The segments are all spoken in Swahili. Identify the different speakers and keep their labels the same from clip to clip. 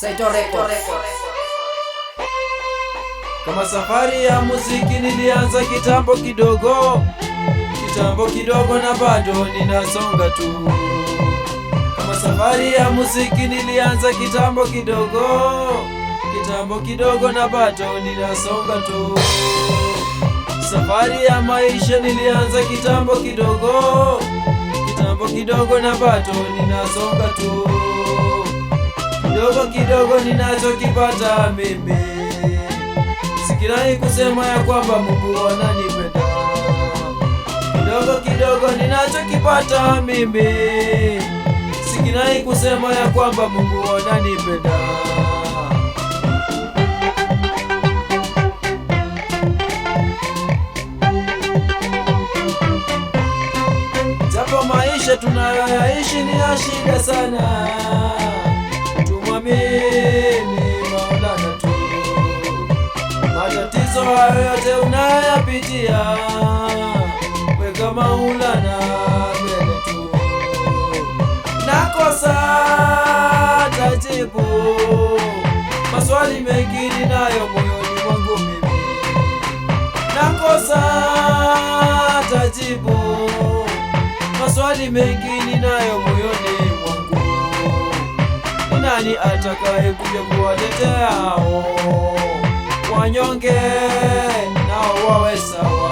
Speaker 1: Saito Records. Kama safari ya muziki nilianza kitambo kidogo, kitambo kidogo na bado ninasonga tu. Kama safari ya muziki nilianza kitambo kidogo, kitambo kidogo na bado ninasonga tu. Safari ya maisha nilianza kitambo kidogo, kitambo kidogo na bado ninasonga tu kidogo kidogo ninachokipata mimi, sikirai kusema ya kwamba Mungu ananipenda. Kidogo kidogo ninachokipata mimi, sikirai kusema ya kwamba Mungu ananipenda. Japo maisha tunayoyaishi ni ya shida sana ni Maulana tu. Matatizo hayo yote unayapitia, weka Maulana mbele tu. Nakosa tajibu maswali mengi ninayo moyoni mwangu mimi, nakosa tajibu maswali mengi ninayo moyoni nani atakaye kuja kuwatetea hao wanyonge nao wawe sawa?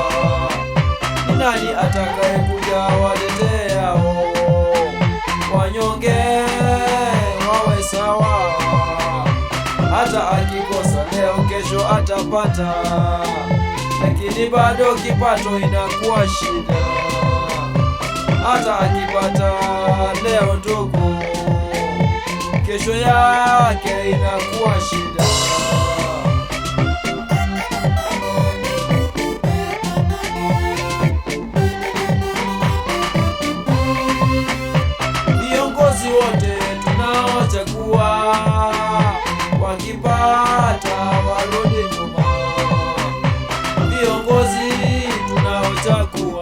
Speaker 1: Ni nani atakaye kuja watetea hao wanyonge wawe sawa? Hata akikosa leo, kesho atapata, lakini bado kipato inakuwa shida. Hata akipata leo, ndugu kesho yake inakuwa shida. Viongozi wote tunaochagua wakipata warudi nyuma, viongozi tunaochagua